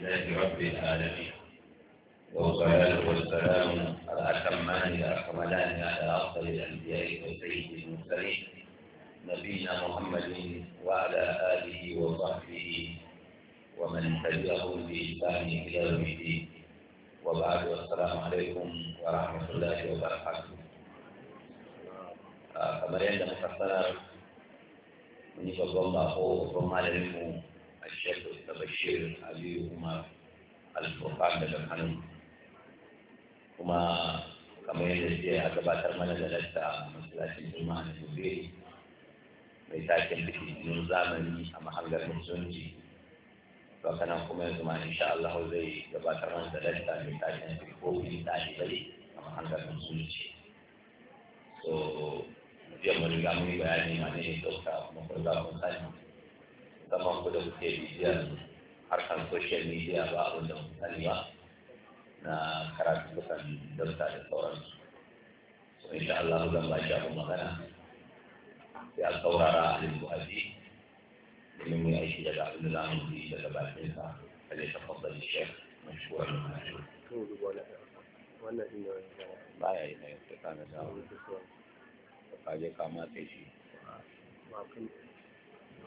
لله رب العالمين والصلاة والسلام على الأتمان الأكملان على أفضل الأنبياء وسيد المرسلين نبينا محمد وعلى آله وصحبه ومن تبعهم بإحسان إلى يوم الدين وبعد والسلام عليكم ورحمة الله وبركاته kamar yadda muka sanar mun yi babban bako babban malamin mu الشيخ البشير علي عمر الفرقان daga Kano kuma kamar yadda sai a gabatar mana da lasta a masallacin Juma'a na Gobe mai taken bikin zamani a mahangar musulunci to kana kuma yanzu ma insha allahu zai gabatar mana da lasta mai taken bikin ɗalibai a mahangar musulunci so jiya mun riga mun bayani ma ne ɗauka kuma musamman ku da muke bibiyar harkan social media ba abin da muke sani ba na karatu bukan dauta da sauransu so insha Allah zan ba shi abin magana sai a saurara alim buhaji domin mu aiki daga abin da za mu yi daga bakin sa kale ta fadda da shek mashhuran mashhuran wannan din ne baya yi ne ta kana da ka je kama sai shi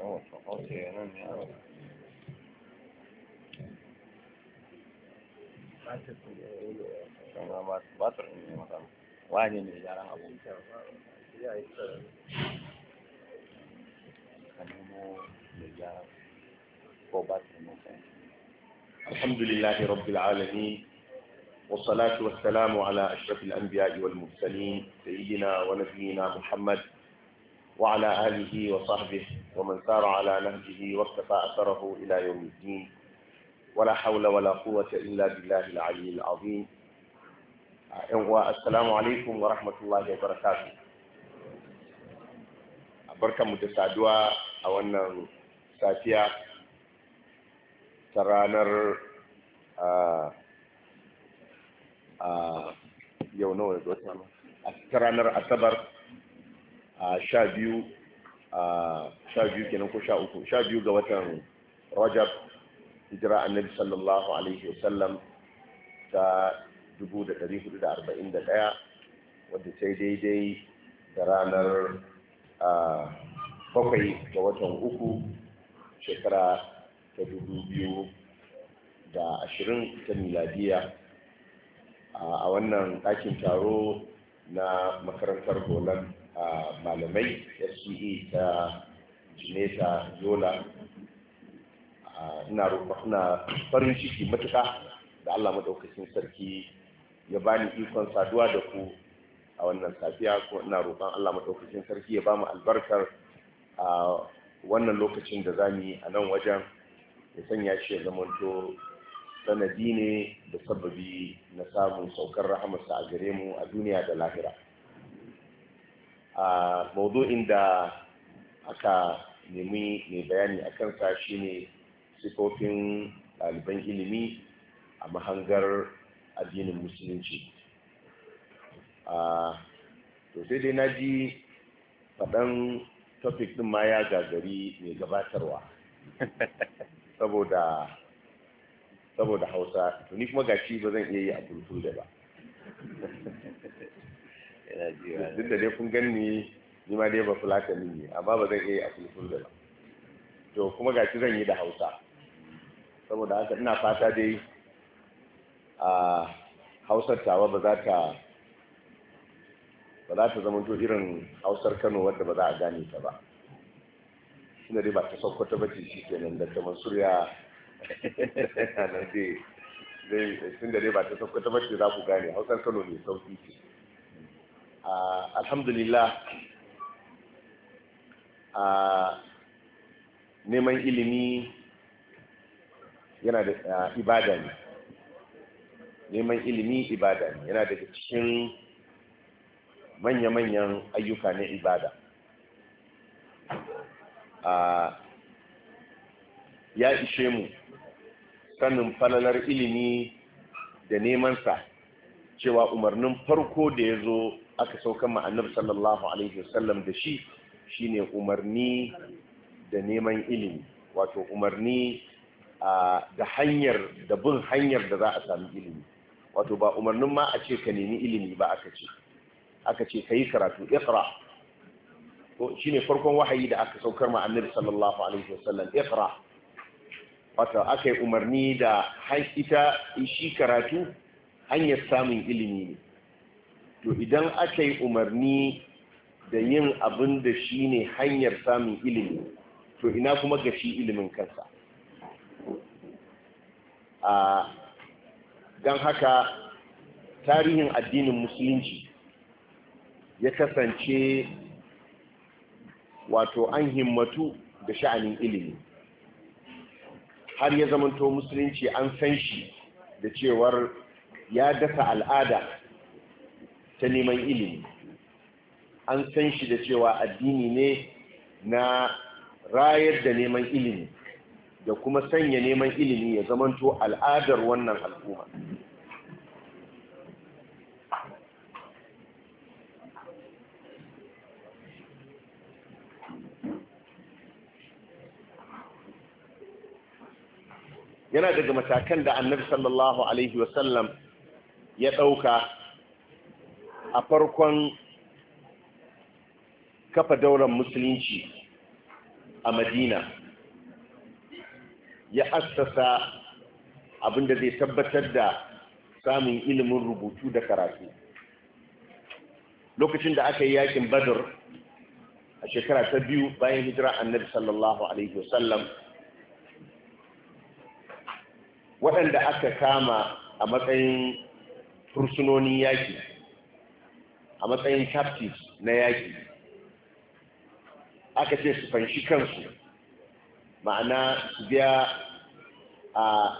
الحمد لله رب العالمين والصلاة والسلام على أشرف الأنبياء والمرسلين سيدنا ونبينا محمد وعلى آله وصحبه ومن سار على نهجه واكتفى أثره إلى يوم الدين ولا حول ولا قوة إلا بالله العلي العظيم أيوة، السلام عليكم ورحمة الله وبركاته بركة mu da saduwa a wannan safiya ta يونو yau nawa أتبر a asabar a sha biyu sha biyu kenan ko sha uku sha biyu ga watan rajab hijira annabi sallallahu alaihi wasallam ta 1441 wadda ta yi daidai da ranar bakwai ga watan uku shekara ta dubu biyu da ashirin ta miladiya a wannan ɗakin taro na makarantar holand malamai SCE ta Jineta Yola ina farin ciki matuka da Allah madaukakin sarki ya bani ikon saduwa da ku a wannan safiya ko ina roƙon Allah madaukakin sarki ya ba mu albarkar a wannan lokacin da za mu yi a nan wajen ya sanya shi ya zamanto sanadi ne da sababi na samun saukar rahamarsa a gare mu a duniya da lahira. a maudu'in da aka nemi mai bayani a kansa shine sifofin ɗaliban ilimi a mahangar addinin musulunci to sai dai na ji faɗan topic ɗin ma ya gagari mai gabatarwa saboda hausa to ni kuma gashi ba zan iya yi a kulkul da ba duk da dai kun ganni ni ma dai ba ni ne amma ba zan iya a fulfulde ba to kuma gashi zan yi da hausa saboda haka ina fata dai a hausar tawa ba za ta ba za ta zama to irin hausar kano wadda ba za a gane ta ba shi dai ba ta sokoto ba ce shi kenan da ta mansur ya nan dai tun da dai ba ta sokoto ba ce za ku gane hausar kano mai sauki ce Ah, alhamdulillah ah, neman ilimi yana da ah, ibada ne neman ilimi ibada ne yana daga cikin manya-manyan ayyuka na ibada A ya ishe mu sanin falalar ilimi da nemansa cewa umarnin farko da ya zo aka saukan ma sallallahu alaihi wasallam da shi shine umarni da neman ilimi wato umarni da hanyar da bin hanyar da za a sami ilimi wato ba umarnin ma a ce ka nemi ilimi ba aka ce aka ce ka yi karatu iqra to shine farkon wahayi da aka saukar ma sallallahu alaihi wasallam iqra wato aka yi umarni da ita shi karatu hanyar samun ilimi ne to idan aka yi umarni da yin abin da shi ne hanyar samun ilimi to ina kuma ga shi ilimin kansa a don haka tarihin addinin musulunci ya kasance wato an himmatu da sha'anin ilimi har ya zamanto musulunci an san shi da cewar ya dasa al'ada ta neman ilimi an san shi da cewa addini ne na rayar da neman ilimi da kuma sanya neman ilimi ya zamanto al'adar wannan al'umma yana daga matakan da annabi sallallahu alaihi wasallam ya ɗauka a farkon kafa dauran musulunci a madina ya assasa abinda zai tabbatar da samun ilimin rubutu da karatu lokacin da aka yi yakin badr a shekara ta biyu bayan hijira annabi sallallahu alaihi wasallam waɗanda aka kama a matsayin fursunonin yaki a matsayin captives na yaƙi aka ce su fanshi kansu ma'ana su biya a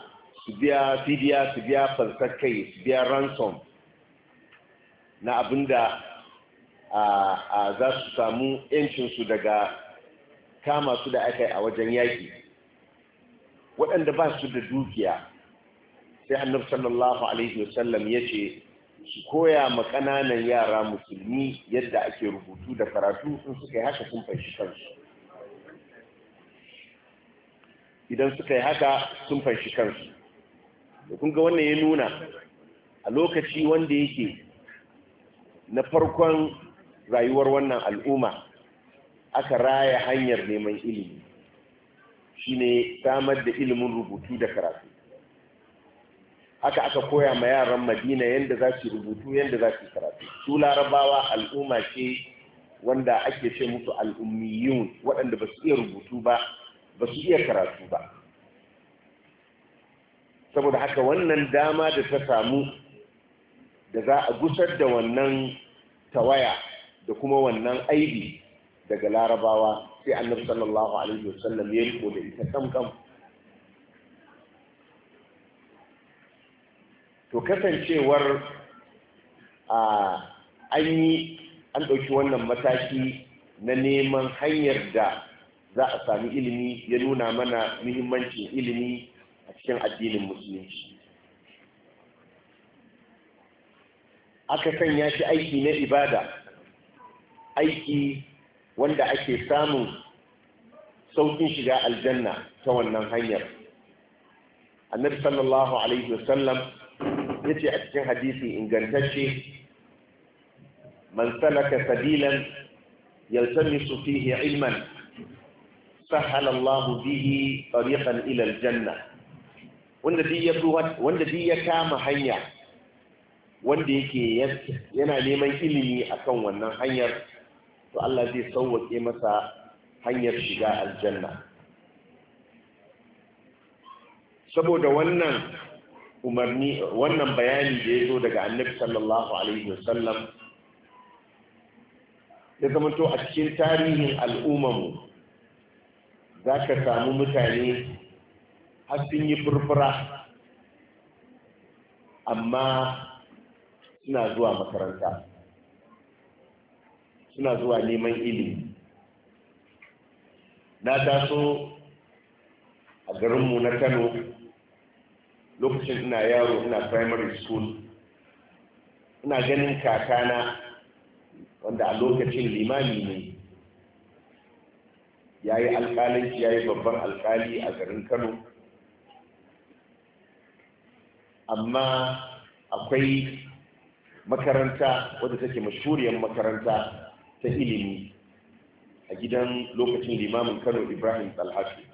su biya fidiya su biya falsar kai su biya ransom na abinda a za su samu yancinsu daga kama su da aka yi a wajen yaƙi waɗanda ba su da dukiya sai annabi sallallahu alaihi wasallam ya ce su koya ma ƙananan yara musulmi yadda ake rubutu da karatu sun suka yi haka sun fahimci kansu idan suka yi haka sun fanshi kansu da kun ga wannan ya nuna a lokaci wanda yake na farkon rayuwar wannan al'umma aka raya hanyar neman ilimi shine samar da ilimin rubutu da karatu haka aka koya ma yaran madina yadda za su rubutu yadda za su karatu su larabawa al'umma ce wanda ake ce musu al'ummiyun waɗanda ba su iya rubutu ba ba su iya karatu ba saboda haka wannan dama da ta samu da za a gusar da wannan tawaya da kuma wannan aibi daga larabawa sai annabi sallallahu alaihi wasallam ya riko da ita kam. to kasancewar an yi an ɗauki wannan mataki na neman hanyar da za a sami ilimi ya nuna mana muhimmancin ilimi a cikin addinin musulunci aka sanya shi aiki na ibada aiki wanda ake samun saukin shiga aljanna ta wannan hanyar annabi sallallahu alaihi wasallam yace a cikin hadisi ingantacce man salaka sabilan yaltamisu fihi ilman sahalallahu bihi tariqan ilal janna. wanda bi ya kama hanya wanda yake yana neman ilimi akan wannan hanyar to Allah zai sauwake masa hanyar shiga aljanna saboda wannan umarni wannan bayani da ya zo daga annabi sallallahu alaihi wasallam ya to a cikin tarihin al'ummamu za ka samu mutane har sun yi furfura amma suna zuwa makaranta suna zuwa neman ilimi na taso a garinmu na kano lokacin ina yaro ina primary school ina ganin kakana wanda a lokacin limami ne ya yi alkalanci ya yi babban alkali a garin kano amma akwai makaranta wadda take mashuriyar makaranta ta ilimi a gidan lokacin limamin kano ibrahim talhafi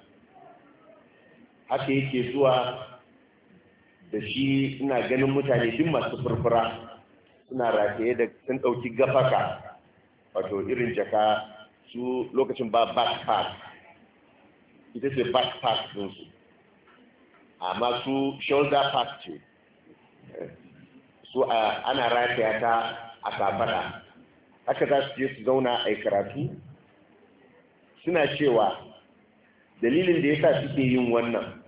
haka yake zuwa da shi ina ganin mutane duk masu furfura suna rataye da sun ɗauki gafaka wato irin jaka su lokacin ba backpack ita ce backpack ɗinsu amma su shoulder pack ce su ana rataya ta a kafaɗa haka za su je su zauna a karatu suna cewa dalilin da ya sa suke yin wannan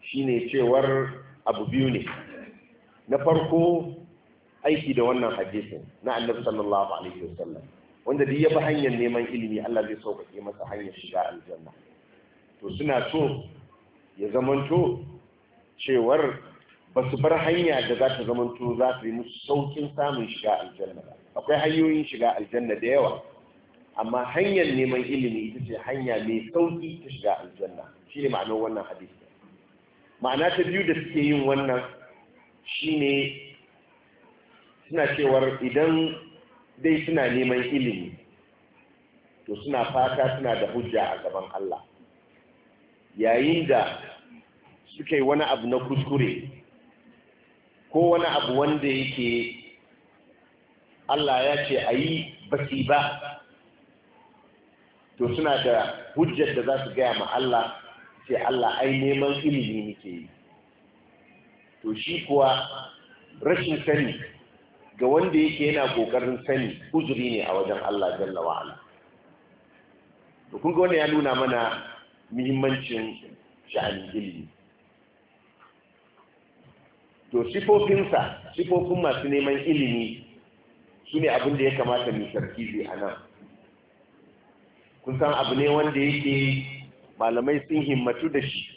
shine cewar abu biyu ne na farko aiki da wannan hadisin na annabi sallallahu alaihi wasallam wanda duk ya bi hanyar neman ilimi Allah zai sauƙaƙe masa hanyar shiga aljanna to suna so ya zamanto cewar ba su bar hanya da za ta zamanto za su yi musu saukin samun shiga aljanna akwai hanyoyin shiga aljanna da yawa amma hanyar neman ilimi ita ce hanya mai sauƙi ta shiga aljanna shine ne ma'anar wannan hadisi ma'ana ta biyu da suke yin wannan shine suna cewar idan dai suna neman ilimi to suna fata suna da hujja a gaban Allah yayin da suka yi wani abu na kuskure ko wani abu wanda yake Allah ya ce a yi basi ba to suna da hujjar da za su gaya ma Allah sai Allah ai neman ilimi nake yi to shi kuwa rashin sani ga wanda yake yana kokarin sani uzuri ne a wajen Allah jalla wa ala to kun ga wannan ya nuna mana muhimmancin sha'anin ilimi to sifofinsa sifofin masu neman ilimi shine ne abin da ya kamata mu sarki a nan kun san abu ne wanda yake malamai sun himmatu da shi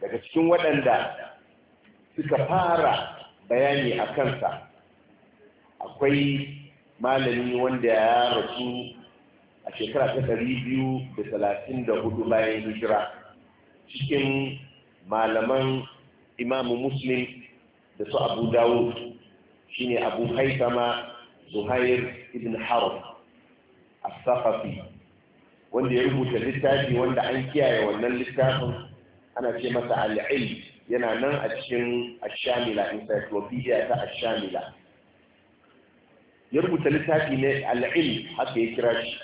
daga cikin waɗanda suka fara bayani a kansa akwai malami wanda ya rasu a shekara ta ɗari biyu da talatin da hudu bayan hijira cikin malaman imamu muslim da su abu dawud shine abu haifama zuhair ibn harb a safafi. wanda ya rubuta littafi wanda an kiyaye wannan littafin ana ce masa al'il yana nan a cikin ashamila encyclopedia ta ashamila ya rubuta littafi ne al'il haka ya kira shi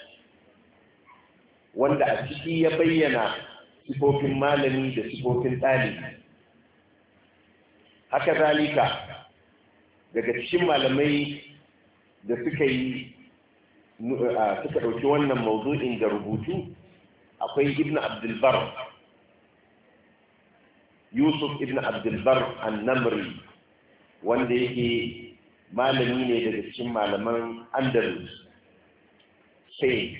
wanda a ciki ya bayyana sifofin malami da sifofin ɗalibi haka zalika daga cikin malamai da suka yi suka ɗauki wannan mawdu'in da rubutu akwai ibn abdulbar yusuf ibn abdulbar annamri wanda yake malami ne daga cikin malaman andalus spain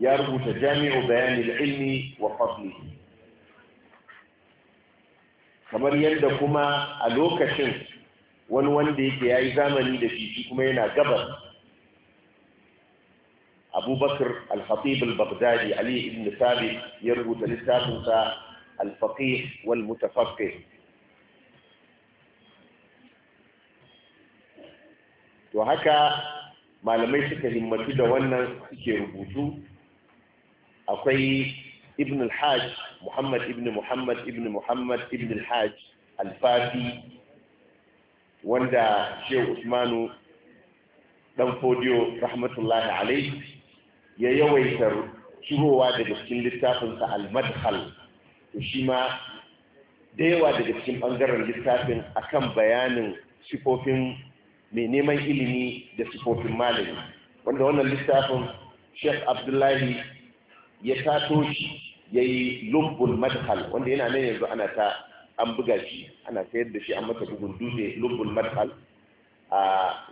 ya rubuta jami'u bayanin ilmi wa fadlihi kamar yadda kuma a lokacin wani wanda yake ya yi zamani da fifi kuma yana gabar abubakar al-khatib al-baghdadi ali ibn thabit ya rubuta littafinsa al-faqih wal mutafaqqih to haka malamai suka himmatu da wannan suke rubutu akwai ibn al-hajj muhammad ibn muhammad ibn muhammad ibn al-hajj al-fati wanda shehu usmanu dan fodiyo rahmatullahi alaihi ya yawaita cirowa daga cikin littafinsa al-madhal to shi ma da yawa daga cikin ɓangaren littafin akan bayanin sifofin mai neman ilimi da sifofin malami wanda wannan littafin sheikh abdullahi ya tato shi ya yi lumbul madhal wanda yana nan yanzu ana ta an buga shi ana sayar da shi an mata bugun dutse lumbul madhal a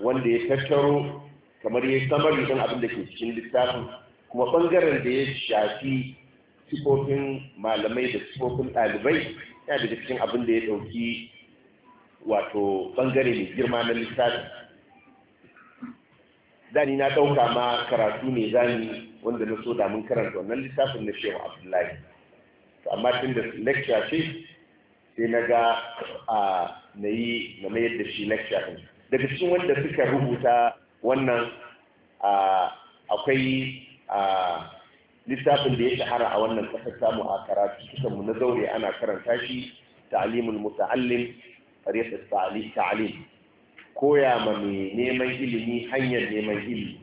wanda ya tattaro kamar ya samari don abin da ke cikin littafin kuma bangaren da ya shafi sifofin malamai da sifofin ɗalibai ya daga cikin abin da ya ɗauki wato bangare mai girma na littafin zani na ɗauka ma karatu ne zani wanda na so damun karanta wannan littafin na shehu abdullahi amma tun da lecture ce sai na ga a na yi na mayar da shi lecture ɗin daga cikin wanda suka rubuta wannan akwai littafin da ya shahara a wannan kasar samu a karatu cikin na zaure ana karanta shi ta'limul muta'allim tariqat ta'lim koya ma mai neman ilimi hanyar neman ilimi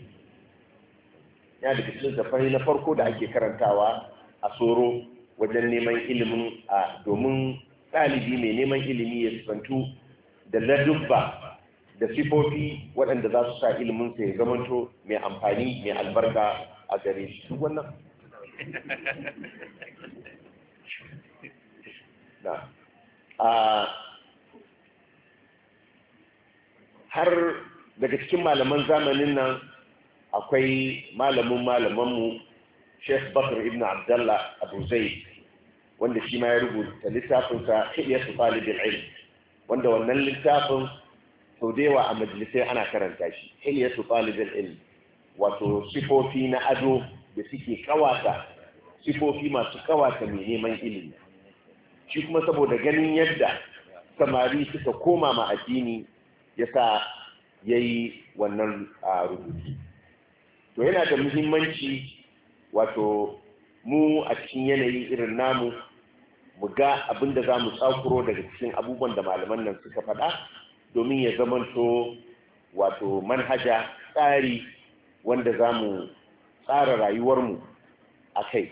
ya daga cikin na farko da ake karantawa a tsoro wajen neman ilimin domin ɗalibi mai neman ilimi ya tsantu da ladubba da sifofi waɗanda za su sa ilimin sa ya zamanto mai amfani mai albarka a gare shi duk wannan har daga cikin malaman zamanin nan akwai malamin malamanmu Sheikh Bakr ibn Abdullah Abu Zaid wanda shi ma ya rubuta littafinsa Hilyatu Talibul Ilm wanda wannan littafin sau da yawa a majalisai ana karanta shi su talibin ilmi wato sifofi na ado da suke kawata sifofi masu kawata mai neman ilimi shi kuma saboda ganin yadda samari suka koma ma addini ya sa ya yi wannan rubutu to yana da muhimmanci wato mu a cikin yanayi irin namu mu ga abin da za mu tsakuro daga cikin abubuwan da malaman nan suka faɗa domin ya zamanto wato manhaja tsari wanda za mu tsara rayuwarmu a kai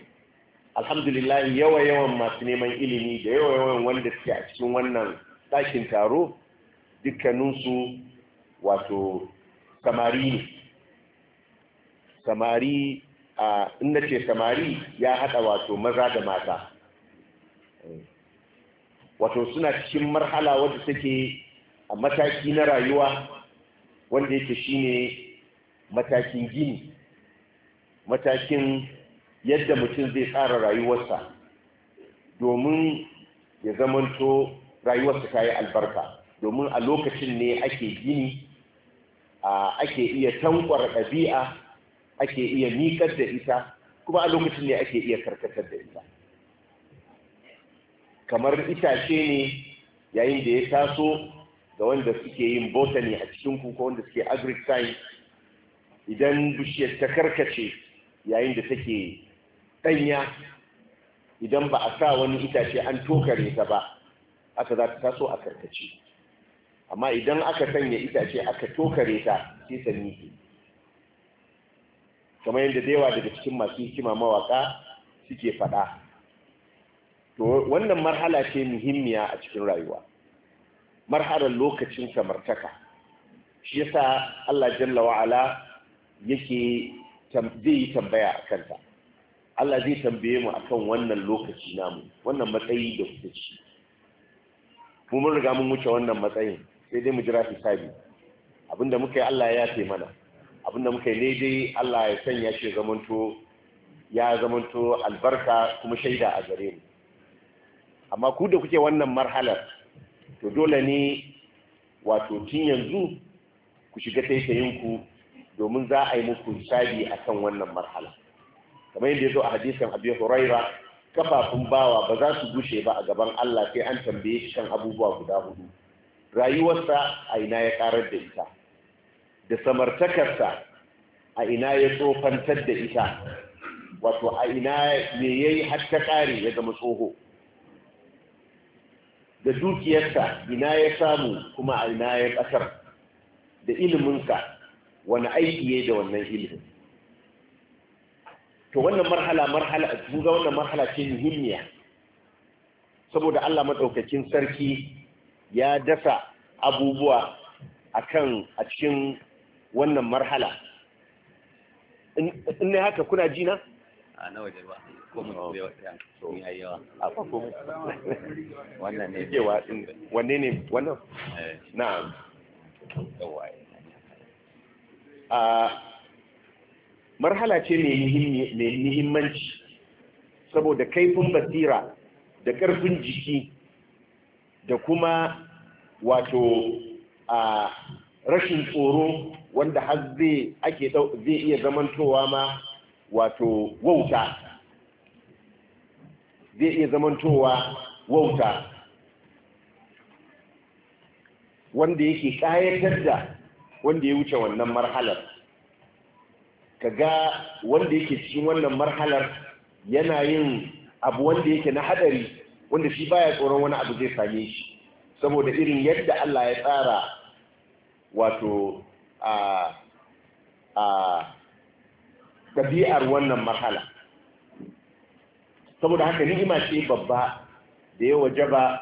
alhamdulillah yawa yawan masu neman ilimi da yawa yawan wanda suke a cikin wannan ɗakin taro dukkaninsu wato samari ne samari a inda ce samari ya haɗa wato maza da mata wato suna cikin marhala wadda take a mataki na rayuwa wanda yake shine matakin gini matakin yadda mutum zai tsara rayuwarsa domin ya zamanto rayuwarsa ta yi albarka domin a lokacin ne ake gini ake iya tankwar ɗabi'a ake iya miƙar da ita kuma a lokacin ne ake iya karkatar da ita kamar itace ne yayin da ya taso ga wanda suke yin botany a cikin ku ko wanda suke agric science idan bishiyar ta karkace yayin da take danya idan ba a sa wani itace an tokare ta ba aka za ta taso a karkace amma idan aka sanya itace aka tokare ta sai sanyi ke kamar yadda da yawa daga cikin masu hikima mawaka suke faɗa to wannan marhala ce muhimmiya a cikin rayuwa marhalar lokacin samartaka shi yasa Allah jalla wa'ala yake zai yi tambaya a kanta Allah zai tambaye mu akan wannan lokaci namu wannan matsayi da kuke ci mu mun riga mun wuce wannan matsayin sai dai mu jira hisabi abinda muka yi Allah ya yafe mana abinda muka yi dai Allah ya sanya shi zamanto ya zamanto albarka kuma shaida a gare mu amma ku da kuke wannan marhalar to dole ne wato tun yanzu ku shiga taifayinku domin za a yi muku shabi a kan wannan marhala kamar yadda ya zo a hadisan abu huraira kafafun bawa ba za su gushe ba a gaban allah sai an tambaye shi kan abubuwa guda hudu rayuwarsa a ina ya karar da ita da samartakarsa a ina ya tsofantar da ita wato a ina me yayi har ta kare ya zama tsoho da dukiyarsa ina ya samu kuma a ina ya ƙasar da iliminsa wani aiki ya da wannan ilimin to wannan marhala marhala a ga wannan marhala ce muhimmiya saboda Allah madaukakin sarki ya dasa abubuwa kan a cikin wannan marhala in ne haka kuna jina a na waje ba wanne ne wannan eh. a marhala ce mai muhimmanci saboda kaifin basira da ƙarfin jiki da kuma wato a rashin tsoro wanda har zai ake zai iya zamantowa ma wato wauta zai iya zamantowa wauta wanda yake kayatar da wanda ya wuce wannan marhalar Ka ga wanda yake cikin wannan marhalar yana yin abu wanda yake na hadari wanda shi baya tsoron wani abu zai same shi saboda irin yadda Allah ya tsara wato a a ɗabi'ar wannan marhalar. saboda haka ni'ima ce babba da ya jaba,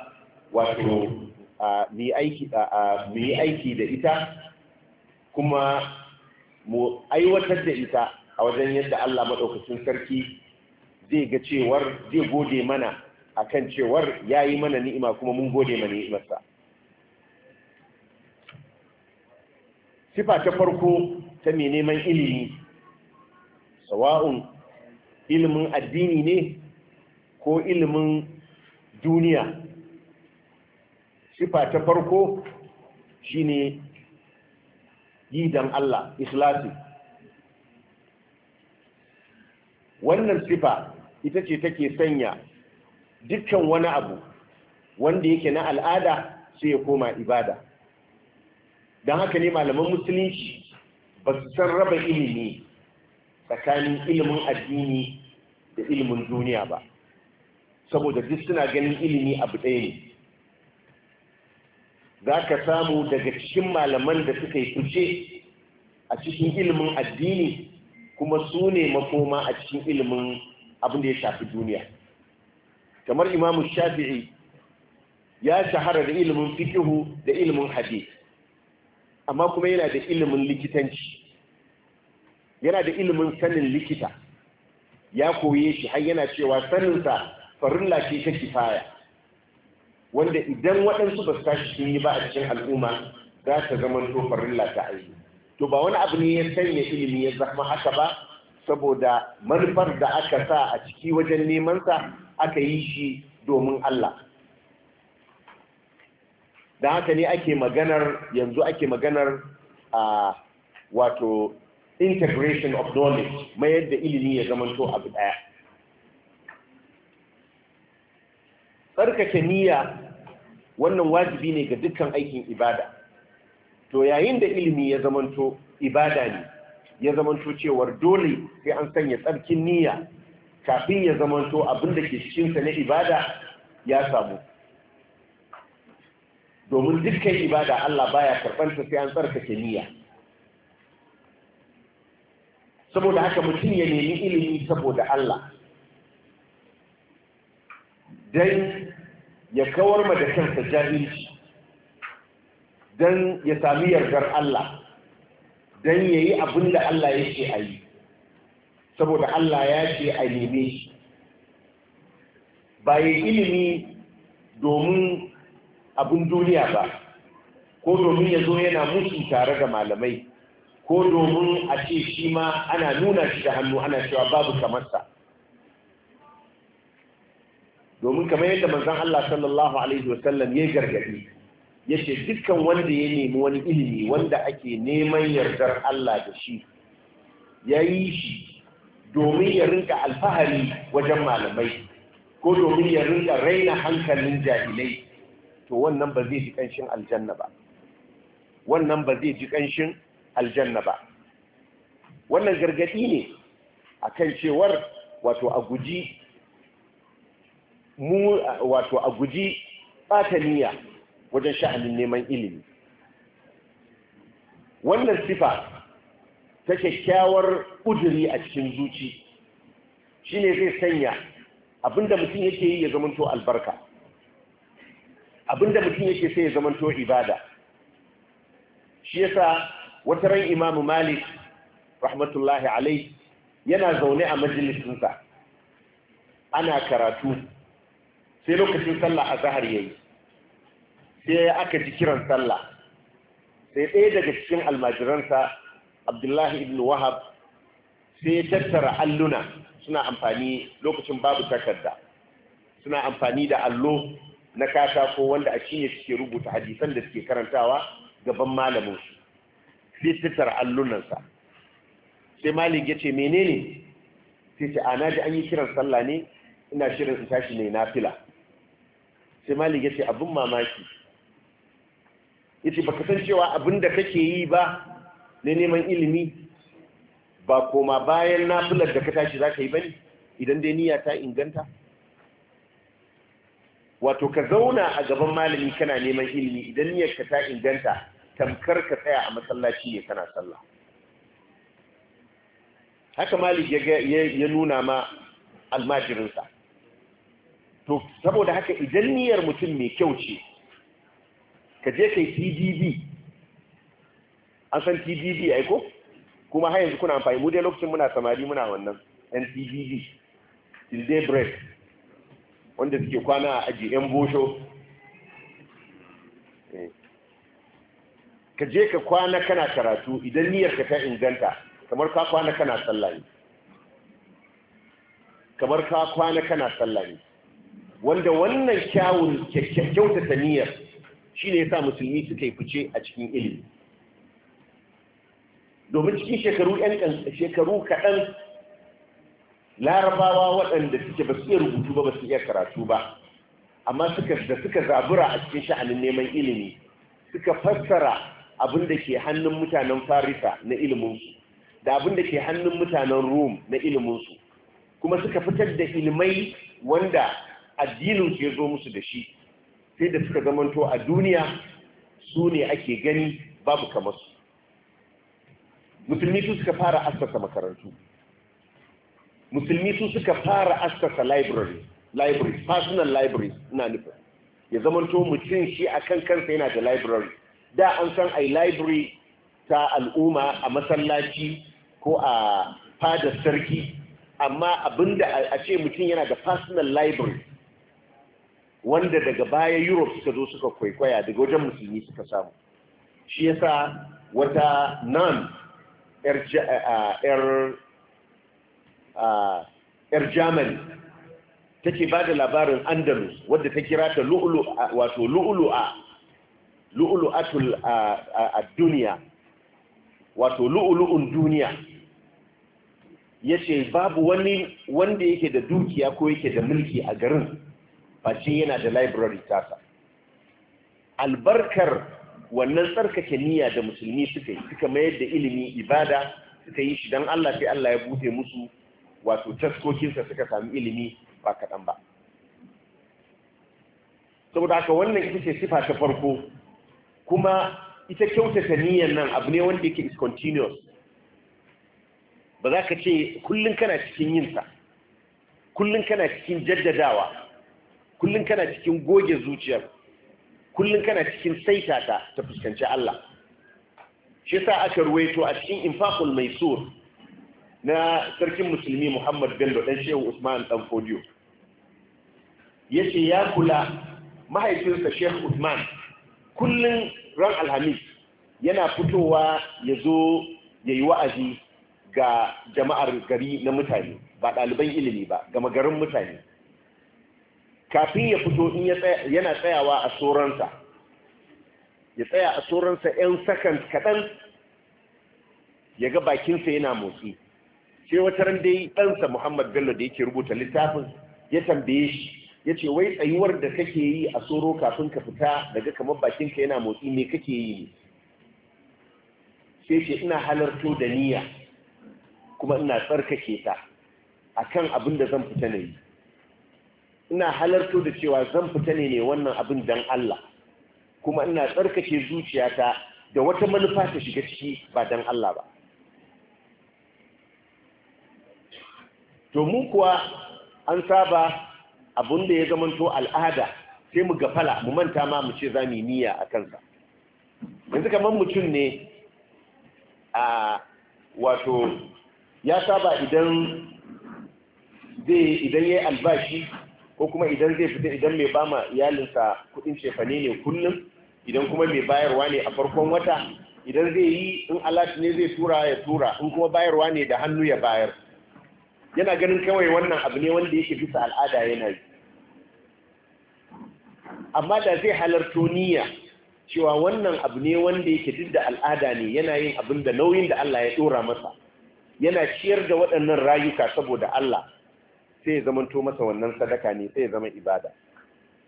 wato mu yi aiki da ita kuma mu aiwatar da ita a wajen yadda Allah maɗaukacin sarki zai ga cewar zai gode mana a kan cewar ya yi mana ni'ima kuma mun gode mana ni'imarsa sifa ta farko ta mai neman ilimi sawa'un ilimin addini ne ko ilimin duniya sifa ta farko shine yi dan Allah ikhlasi wannan sifa ita ce take sanya dukkan wani abu wanda yake na al'ada sai ya koma ibada don haka ne malaman musulunci ba su san raba ilimi tsakanin ilimin addini da ilimin duniya ba saboda duk suna ganin ilimi abu ɗaya ne za ka samu daga cikin malaman da suka yi fice a cikin ilimin addini kuma su ne makoma a cikin ilimin abin da ya shafi duniya kamar imamu shafi'i ya shahara da ilimin fikihu da ilimin hade amma kuma yana da ilimin likitanci yana da ilimin sanin likita ya koye shi har yana cewa saninsa farilla ce ta kifaya wanda idan waɗansu ba su tashi sun yi ba a cikin al'umma za ta zama to farilla ta aiki to ba wani abu ne ya sanya ilimi ya zama haka ba saboda manufar da aka sa a ciki wajen neman sa aka yi shi domin Allah da haka ne ake maganar yanzu ake maganar a wato integration of knowledge mayar da ilimi ya zama to abu daya tsarkake niyya wannan wajibi ne ga dukkan aikin ibada to yayin da ilimi ya zamanto ibada ne ya zamanto cewar dole sai an sanya tsarkin niyya kafin ya zamanto abin da ke cikinsa na ibada ya samu domin dukkan ibada Allah baya karɓanta sai an tsarkake niyya saboda haka mutum ya nemi ilimi saboda Allah dan ya kawar ma da kansa jahilci don ya sami yardar Allah don ya yi abin da Allah ya ce a yi saboda Allah ya ce a neme shi ba yi ilimi domin abin duniya ba ko domin ya zo yana musu tare da malamai ko domin a ce shi ma ana nuna shi da hannu ana cewa babu kamarsa domin kamar yadda manzon Allah sallallahu alaihi sallam ya gargadi yace dukkan wanda ya nemi wani ilimi wanda ake neman yardar Allah da shi yayi shi domin ya rinka alfahari wajen malamai ko domin ya rinka raina hankalin jahilai to wannan ba zai ji kanshin aljanna ba wannan ba zai ji kanshin aljanna ba wannan gargadi ne akan cewar wato a guji mu wato a guji bataniya wajen sha'anin neman ilimi wannan sifa ta kyakkyawar ƙuduri a cikin zuci shi ne zai sanya abinda mutum yake yi ya zamanto albarka abinda mutum yake sai ya zamanto ibada shi yasa wata ran imamu malik rahmatullahi alai yana zaune a majalisinsa ana karatu sai lokacin sallah a zahar yayi sai aka ji kiran sallah sai ɗaya daga cikin almajiransa abdullahi ibn wahab sai tattara alluna suna amfani lokacin babu takarda suna amfani da allo na katako wanda a shi suke rubuta hadisan da suke karantawa gaban malamin su sai tattara allunansa sai malik ya ce menene sai ce ana ji an yi kiran sallah ne ina shirin su tashi ne na fila sai malik ya ce abin mamaki ya ce baka san cewa abin da kake yi ba na neman ilimi ba koma bayan nafilar da ka tashi za ka yi bane idan dai niyya ta inganta wato ka zauna a gaban malami kana neman ilimi idan ka ta inganta tamkar ka tsaya a masallaci ne kana sallah haka malik ya nuna ma almajirinsa to saboda haka idan niyyar mutum mai kyau ce ka je kai TDB an san TDB ai ko kuma har yanzu kuna amfani mu dai lokacin muna samari muna wannan NTDB In day break wanda suke kwana a aji yan bosho eh. ka je ka kwana kana karatu idan niyyar ka ta inganta kamar ka kwana kana sallah ne kamar ka kwana kana sallah ne wanda wannan kyawun kyautata niyyar shi ne ya sa musulmi suka yi fice a cikin ilimi domin cikin shekaru shekaru kaɗan larabawa waɗanda suke ba su iya rubutu ba ba su iya karatu ba amma da suka zabura a cikin sha'anin neman ilimi suka fassara abin da ke hannun mutanen farisa na iliminsu da abin da ke hannun mutanen rum na iliminsu kuma suka fitar da ilimai wanda addinin su ya zo musu da shi sai da suka zamanto a duniya su ne ake gani babu kamar su musulmi su suka fara assasa makarantu musulmi su suka fara assasa library library personal library na nufin ya zamanto mutum shi a kan kansa yana da library da an san ai library ta al'umma a masallaci ko a fadar sarki amma abinda a ce mutum yana da personal library wanda daga baya europe suka zo suka kwaikwaya daga wajen musulmi suka samu shi yasa wata nan yar germany take ba da labarin andalus wadda ta kira ta wato lu'ulu'a lu'ulu'atul a duniya wato lu'ulu'un duniya ya ce babu wani wanda yake da dukiya ko yake da mulki a garin face yana da library tasa albarkar wannan tsarkake niyya da musulmi suka yi suka mayar da ilimi ibada suka yi shi don Allah sai Allah ya bude musu wato taskokinsa suka sami ilimi ba kaɗan ba saboda haka wannan ita ce sifa ta farko kuma ita kyautata niyyar nan abu ne wanda yake is continuous ba za ka ce kullum kana cikin yinsa kullum kana cikin jaddadawa kullum kana cikin goge zuciyar kullum kana cikin saita ta ta fuskanci Allah shi sa aka ruwaito a cikin mai maisur na sarkin musulmi Muhammad Bello dan Shehu Usman dan Fodiyo ce ya kula mahaifinsa Shehu Usman kullum ran alhamis yana fitowa ya zo ya yi wa'azi ga jama'ar gari na mutane ba ɗaliban ilimi ba gama garin mutane kafin ya fito in yana tsayawa a tsoronsa ya tsaya a tsoronsa 'yan sakan kaɗan ya ga bakinsa yana motsi sai wata ran dai ɗansa muhammad bello da yake rubuta littafin ya tambaye shi ya ce wai tsayuwar da kake yi a tsoro kafin ka fita daga kamar bakinka yana motsi ne kake yi ne. sai ce ina halarto da niyya kuma ina tsarkake ta kan abin da zan fita na yi ina halarto da cewa zan fita ne ne wannan abin dan Allah kuma ina tsarkake zuciyata da wata manufa ta shiga ciki ba dan Allah ba to mu kuwa an saba abin da ya zamanto al'ada sai mu gafala mu manta ma mu ce za niyya a kansa yanzu kamar mutum ne a wato ya saba idan zai idan ya yi albashi ko kuma idan zai fita idan mai bama iyalinsa kuɗin cefane ne kullum idan kuma mai bayarwa ne a farkon wata idan zai yi in alat ne zai tura ya tura in kuma bayarwa ne da hannu ya bayar yana ganin kawai wannan abu ne wanda yake bisa al'ada yana yi amma da zai halarto niyya cewa wannan abu ne wanda yake duk da al'ada ne yana yin abin da nauyin da Allah ya dora masa yana ciyar da waɗannan rayuka saboda Allah sai ya zamanto masa wannan sadaka ne sai ya zama ibada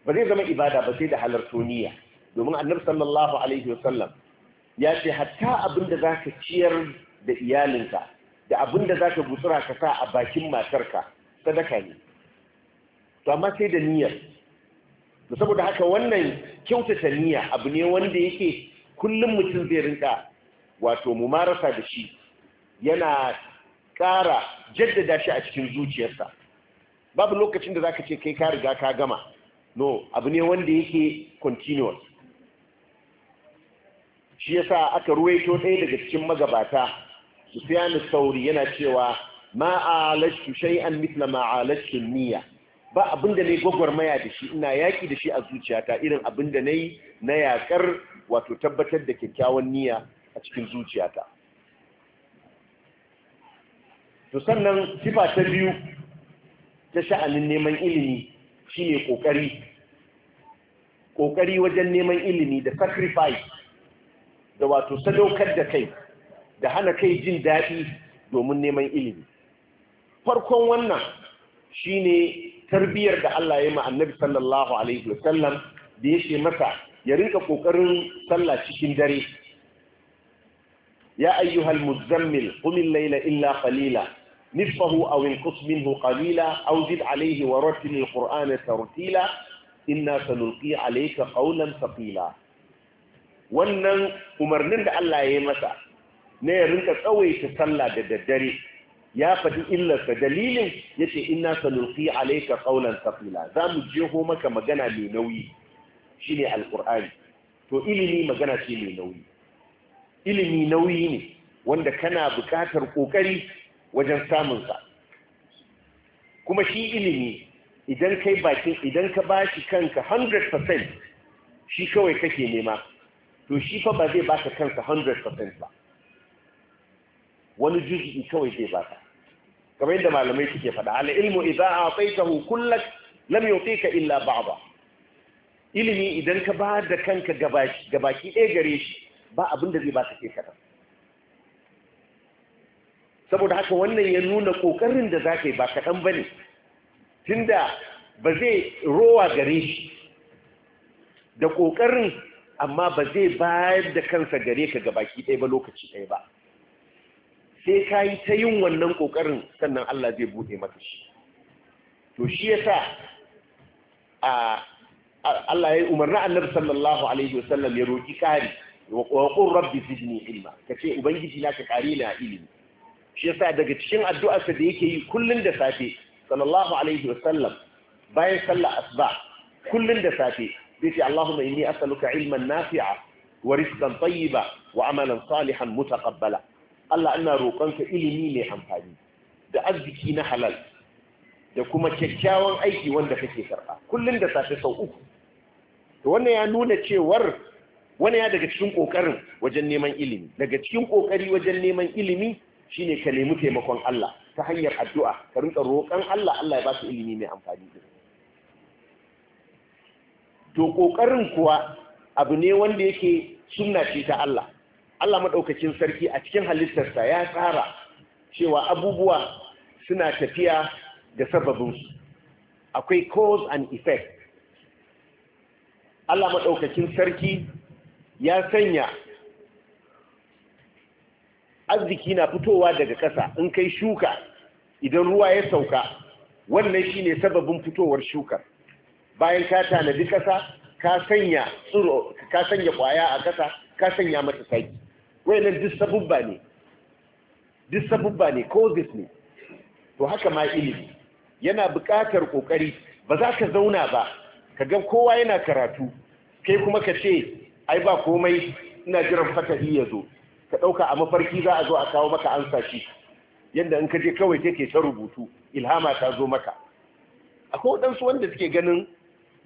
ba zai zama ibada ba sai da halarto niyya domin annabi sallallahu alaihi wasallam ya ce hatta abin da zaka ciyar da iyalinka da abin da zaka gutsura ka sa a bakin matarka sadaka ne to amma sai da niyyar to saboda haka wannan kyautata niyya abu ne wanda yake kullum mutum zai rinka wato mumarasa da shi yana ƙara jaddada shi a cikin zuciyarsa babu lokacin da zaka ce kai ka riga ka gama no abu ne wanda yake continuous shi yasa aka ruwaito ɗaya daga cikin magabata Sufyan Sauri yana cewa ma alashu shay'an mithla ma alashu niyya ba abinda ne gwagwarmaya da shi ina yaki da shi a zuciyata irin abinda nayi na yakar wato tabbatar da kyakkyawan niyya a cikin zuciyata to sannan sifa ta biyu ta sha'anin neman ilimi shi ne ƙoƙari, kokari wajen neman ilimi da sacrifice da wato sadaukar da kai da hana kai jin daɗi domin neman ilimi farkon wannan shi ne tarbiyyar da Allah ya ma annabi sallallahu alaihi wasallam da yake masa ya rinka ƙoƙarin sallah cikin dare ya ayyuhal muzammil qumil layla illa qalila نصفه أو انقص منه قليلا أو زد عليه ورتل القرآن ترتيلا إنا سنلقي عليك قولا ثقيلا wannan umarnin da Allah ya yi masa na ya rinka tsawaita sallah da daddare ya faɗi illarsa dalilin ya ce inna sanulqi alayka qawlan za mu jeho maka magana mai nauyi ne Alƙur'ani. to ilimi magana ce mai nauyi ilimi nauyi ne wanda kana buƙatar ƙoƙari wajen samunsa kuma shi ilimi idan kai bakin idan ka bashi kanka 100% shi kawai kake nema to shi fa ba zai baka kansa 100% ba wani juz'i kawai zai baka kamar yadda malamai suke faɗa al ilmu idza a'taytahu kullak lam yutika illa ba'da ilimi idan ka ba da kanka gabaki ɗaya gare shi ba abin da zai baka sai kaɗan saboda haka wannan ya nuna kokarin da za ka yi ba kaɗan ba ne tun da ba zai rowa gare shi da kokarin amma ba zai bayar da kansa gare ka ga baki ɗaya ba lokaci ɗaya ba sai ka yi ta yin wannan kokarin sannan Allah zai buɗe maka shi to shi yasa a Allah ya yi umarni annabi sallallahu alaihi wasallam ya roki kari wa qur rabbi zidni ilma kace ubangiji na ka kare na ilimi shi yasa daga cikin addu'arsa da yake yi kullun da safe sallallahu alaihi wasallam bayan sallah asba kullun da safe zai ce Allahumma inni as'aluka ilman nafi'a wa rizqan tayyiba wa amalan salihan mutaqabbala Allah ina roƙonka ilimi mai amfani da arziki na halal da kuma kyakkyawan aiki wanda kake karɓa kullun da safe sau uku to wannan ya nuna cewar wani ya daga cikin ƙoƙarin wajen neman ilimi daga cikin ƙoƙari wajen neman ilimi Shi ne ka nemi taimakon Allah ta hanyar addu'a ka rinka roƙon Allah Allah ya ba su ilimi mai amfani to ƙoƙarin kuwa abu ne wanda yake suna ce ta Allah Allah maɗaukacin sarki a cikin halittarsa ya tsara cewa abubuwa suna tafiya da sababinsu akwai cause and effect Allah maɗaukacin sarki ya sanya arziki na fitowa daga ƙasa in kai shuka idan ruwa ya sauka wannan shi ne sababin fitowar shukar bayan ka tanadi ƙasa ka sanya tsiro ƙwaya a ƙasa ka sanya mata saki wayannan duk ne disabubba ne causes ne to haka ma ilimi yana buƙatar ƙoƙari ba za ka zauna ba ka ga kowa yana karatu kai kuma ka ce ai ba komai ina jiran fatari ya zo ka ɗauka a mafarki za a zo a kawo maka ansa shi yadda in ka je kawai take ta rubutu ilhama ta zo maka akwai waɗansu wanda suke ganin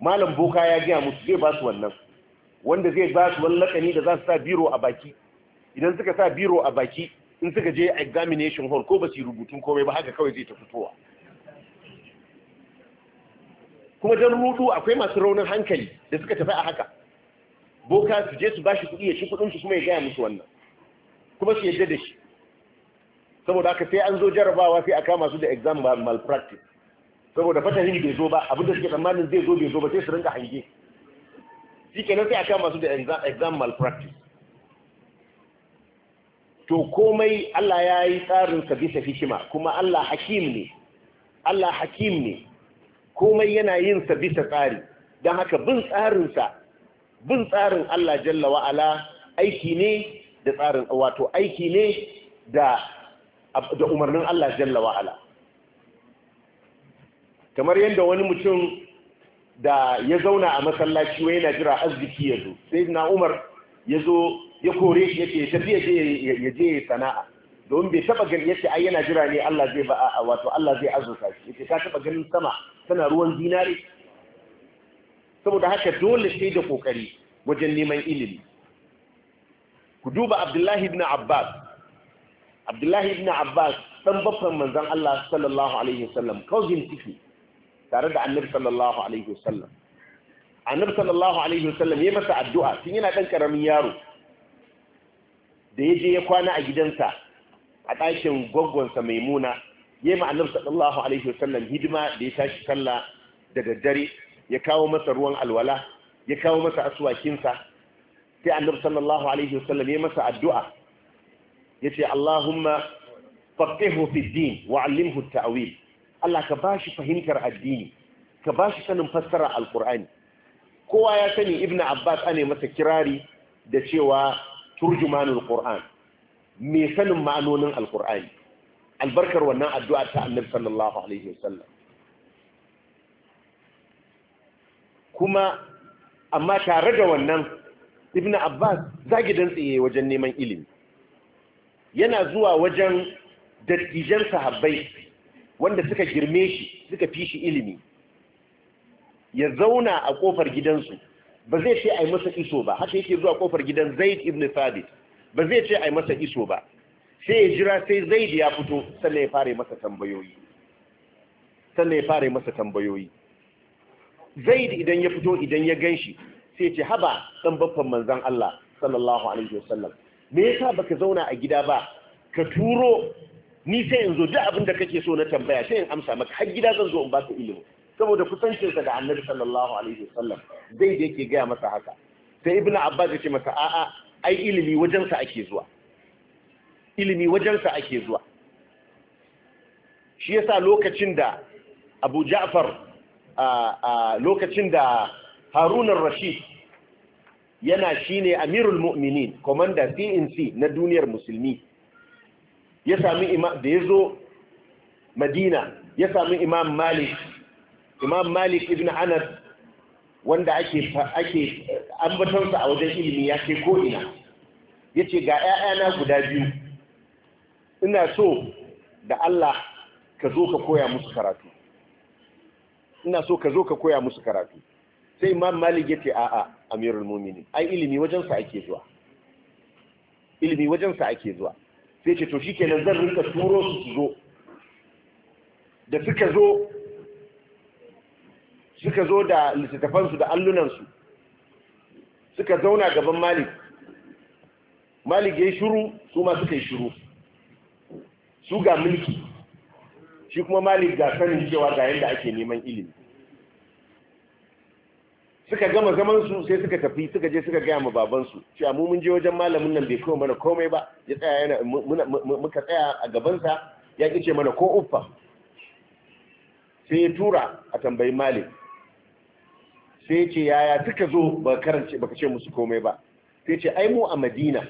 malam boka ya gaya musu zai ba su wannan wanda zai ba su wani da za su sa biro a baki idan suka sa biro a baki in suka je examination hall ko ba su rubutun komai ba haka kawai zai ta fitowa kuma don rudu akwai masu raunin hankali da suka tafi a haka boka su je su ba shi kuɗi ya shi kuɗinsu kuma ya gaya musu wannan kuma shi yadda da shi saboda haka sai an zo jarabawa sai a kama su da exam malpractice saboda fatahin bai zo ba abinda suke tsammanin zai zo bai zo ba sai su rinka hange shi kenan sai a kama su da exam malpractice to komai Allah ya yi tsarinsa bisa hikima kuma Allah hakim ne Allah hakim ne komai yana yin sa bisa tsari don haka bin sa bin tsarin Allah jalla wa'ala aiki ne da tsarin wato aiki ne da umarnin Allah jalla wa'ala kamar yadda wani mutum da ya zauna a masallaci wai yana jira arziki ya zo sai na umar ya zo ya kore shi yake tafiya ya je ya sana'a domin bai taba gani yake ai yana jira ne Allah zai ba wato Allah zai azurta shi yake ka taba ganin sama tana ruwan zinare saboda haka dole sai da kokari wajen neman ilimi ku duba abdullahi ibn abbas abdullahi ibn abbas dan baffan manzon Allah sallallahu alaihi wasallam cousin tiki tare da annabi sallallahu alaihi wasallam annabi sallallahu alaihi wasallam ya masa addu'a tun yana dan karamin yaro da ya ya kwana a gidansa a ɗakin gwaggonsa maimuna ya yi annabi sallallahu alaihi wasallam hidima da ya tashi sallah da daddare ya kawo masa ruwan alwala ya kawo masa asuwakinsa sai annabi sallallahu alaihi wasallam ya masa addu'a yace Allahumma faqihu fi din wa 'allimhu at-ta'wil Allah ka bashi fahimtar addini ka bashi sanin fassara alqur'ani kowa ya sani ibnu abbas ane masa kirari da cewa turjumanul qur'an mai sanin ma'anonin alqur'ani albarkar wannan addu'a ta annabi sallallahu alaihi wasallam kuma amma tare da wannan ibn abbas za gidan tsaye wajen neman ilimi yana zuwa wajen dattijan sahabbai wanda suka girme shi suka fi shi ilimi ya zauna a kofar gidansu ba zai ce a yi masa iso ba haka yake zuwa ƙofar gidan zaid ibn thabit ba zai ce a yi masa iso ba sai ya jira sai zaid ya fito sannan ya fara masa tambayoyi sannan ya fara masa tambayoyi zaid idan ya fito idan ya ganshi. sai ce haba ɗan baffan manzan Allah sallallahu alaihi wasallam me yasa baka zauna a gida ba ka turo ni sai in zo duk abin da kake so na tambaya sai in amsa maka har gida zan zo in ba baka ilimi saboda kusancinsa da annabi sallallahu alaihi wasallam zai da yake gaya masa haka sai ibnu abbas ya ce masa a'a ai ilimi wajensa ake zuwa ilimi wajensa ake zuwa shi yasa lokacin da abu ja'far a lokacin da harunar rashid yana shine amirul mu'minin commander cnc na duniyar musulmi ya sami da ya zo madina ya sami imam malik imam malik ibn anas wanda ake ake ambatonsa a wajen ilimi ya ce ko'ina. ya ce ga 'ya'yana guda biyu ina so da allah ka zo ka koya musu karatu ina so ka zo ka koya musu karatu sai ma malik ya ce a'a amirul mumini ai ilimi wajensa ake zuwa ilimi wajensa ake zuwa sai ce to shi zan rinka turo su su zo da suka zo suka zo da littattafansu da allunansu suka zauna gaban malik malik ya shiru su ma suka yi shiru su ga mulki shi kuma malik ga sanin cewa ga yadda ake neman ilimi suka gama zaman su sai suka tafi suka je suka gaya ma baban su cewa mu mun je wajen malamin nan bai kawo mana komai ba ya tsaya yana muka tsaya a gaban sa ya kice mana ko uffa sai ya tura a tambayi malik sai ce yaya suka zo ba karance baka ce musu komai ba sai ce ai mu a madina